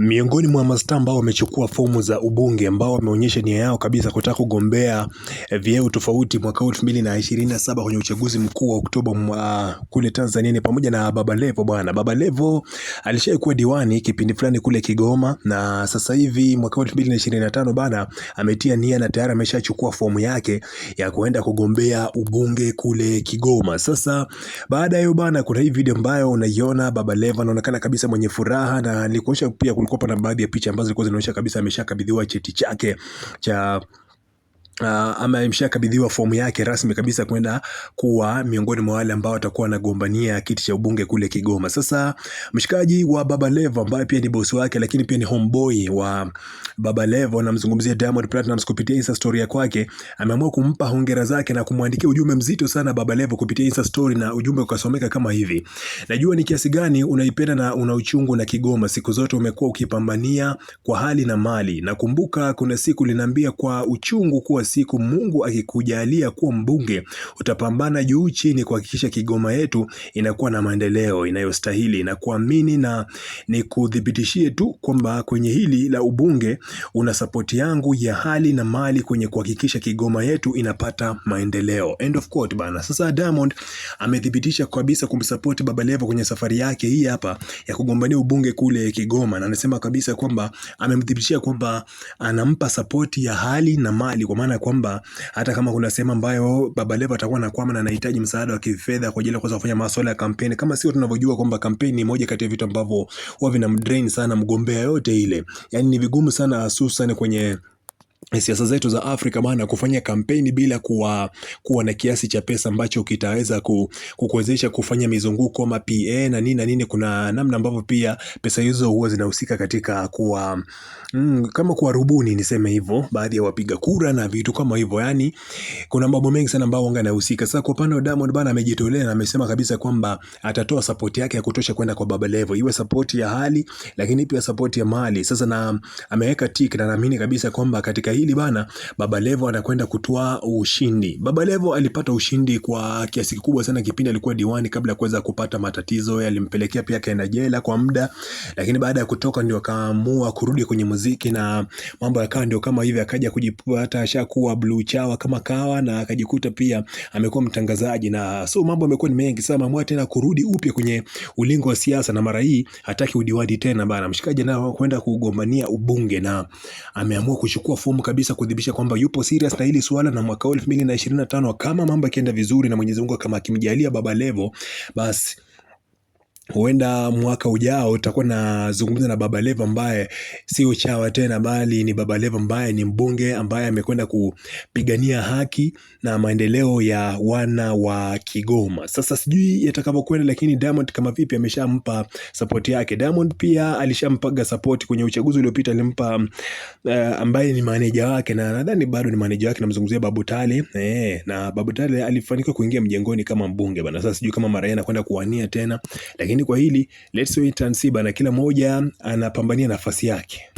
Miongoni mwa masta ambao wamechukua fomu za ubunge ambao wameonyesha nia yao kabisa kutaka kugombea eh, vyeo tofauti mwaka 2027 kwenye uchaguzi mkuu wa Oktoba kule Tanzania ni pamoja na Baba Levo bwana. Baba Levo alishawahi diwani kipindi fulani kule Kigoma, na sasa hivi mwaka 2025 bana ametia nia na tayari ameshachukua fomu yake ya kuenda kugombea ubunge kule Kigoma. Sasa baada ya hiyo bana, kuna hii video ambayo unaiona Baba Levo anaonekana kabisa mwenye furaha na nilikuonyesha pia kulikuwa na baadhi ya picha ambazo zilikuwa zinaonyesha kabisa ameshakabidhiwa cheti chake cha Uh, ama imeshakabidhiwa fomu yake rasmi kabisa kwenda kuwa miongoni mwa wale ambao watakuwa wanagombania kiti cha ubunge kule Kigoma. Sasa mshikaji wa Baba Levo ambaye pia ni bosi wake lakini pia ni homeboy wa Baba Levo, namzungumzia Diamond Platnumz kupitia Insta story yake, ameamua kumpa hongera zake na kumwandikia ujumbe mzito sana Baba Levo kupitia Insta story, na ujumbe ukasomeka kama hivi: najua ni kiasi gani unaipenda na una uchungu na Kigoma, siku zote umekuwa ukipambania kwa hali na mali. Nakumbuka kuna siku linaambia kwa uchungu kuwa siku Mungu akikujalia kuwa mbunge, utapambana juu chini kuhakikisha Kigoma yetu inakuwa na maendeleo inayostahili na kuamini, na nikuthibitishie tu kwamba kwenye hili la ubunge una sapoti yangu ya hali na mali kwenye kuhakikisha Kigoma yetu inapata maendeleo. End of quote bana. Sasa Diamond amethibitisha kabisa kumsapoti Baba Levo kwenye safari yake hii hapa ya kugombania ubunge kule Kigoma, na anasema kabisa kwamba amemthibitishia kwamba anampa sapoti ya hali na mali kwa maana ya kwamba hata kama kuna sehemu ambayo baba Babalevo atakuwa anakwama na anahitaji msaada wa kifedha kwa ajili ya kuweza kufanya masuala ya kampeni, kama sio tunavyojua kwamba kampeni ni moja kati ya vitu ambavyo huwa vinamdrain sana mgombea yote ile, yaani ni vigumu sana hususan kwenye siasa zetu za Afrika maana kufanya kampeni bila kuwa, kuwa na kiasi cha pesa ambacho kitaweza kukuwezesha kufanya mizunguko ama PA na nini na nini. Kuna namna ambavyo pia pesa hizo huwa zinahusika katika kuwa mm, kama kuwa rubuni niseme hivyo baadhi ya wapiga kura na vitu kama hivyo, yani kuna mambo mengi sana ambayo wanga yanahusika. Sasa kwa upande wa Diamond bana, amejitolea na amesema kabisa kwamba atatoa support yake ya kutosha kwenda kwa Baba Levo, iwe support ya hali lakini pia support ya mali. Sasa na ameweka tick na naamini kabisa kwamba katika hili bana, Baba Levo anakwenda kutoa ushindi. Baba Levo alipata ushindi kwa kiasi kikubwa sana kipindi alikuwa diwani, kabla ya kuweza kupata matatizo yalimpelekea pia kaenda jela kwa muda, lakini baada ya kutoka ndio akaamua kurudi kwenye muziki na mambo yakawa ndio kama hivi, akaja kujipata ashakuwa blue chawa kama kawa, na akajikuta pia amekuwa mtangazaji na so mambo yamekuwa ni mengi sana, ameamua tena kurudi upya kwenye ulingo wa siasa, na mara hii hataki udiwani tena bana, mshikaji nao kwenda kugombania ubunge na ameamua kuchukua fomu kabisa kudhibisha kwamba yupo serious na hili swala, na mwaka 2025 kama mambo yakienda vizuri na Mwenyezi Mungu kama akimjalia Baba Levo basi Huenda mwaka ujao tutakuwa nazungumza na Baba Babalevo ambaye sio chawa tena bali ni Baba Babalevo ambaye ni mbunge ambaye amekwenda kupigania haki na maendeleo ya wana wa Kigoma. Sasa sijui yatakavyokwenda lakini Diamond kama vipi ameshampa support yake. Diamond pia alishampaga support kwenye uchaguzi uliopita alimpa uh, ambaye ni maneja wake na nadhani bado ni maneja wake namzungumzia Babu Tale. Eh, na Babu Tale alifanikiwa kuingia mjengoni kama mbunge bana. Sasa sijui kama mara yeye anakwenda kuwania tena lakini lakini kwa hili let's wait and see bana, kila mmoja anapambania nafasi yake.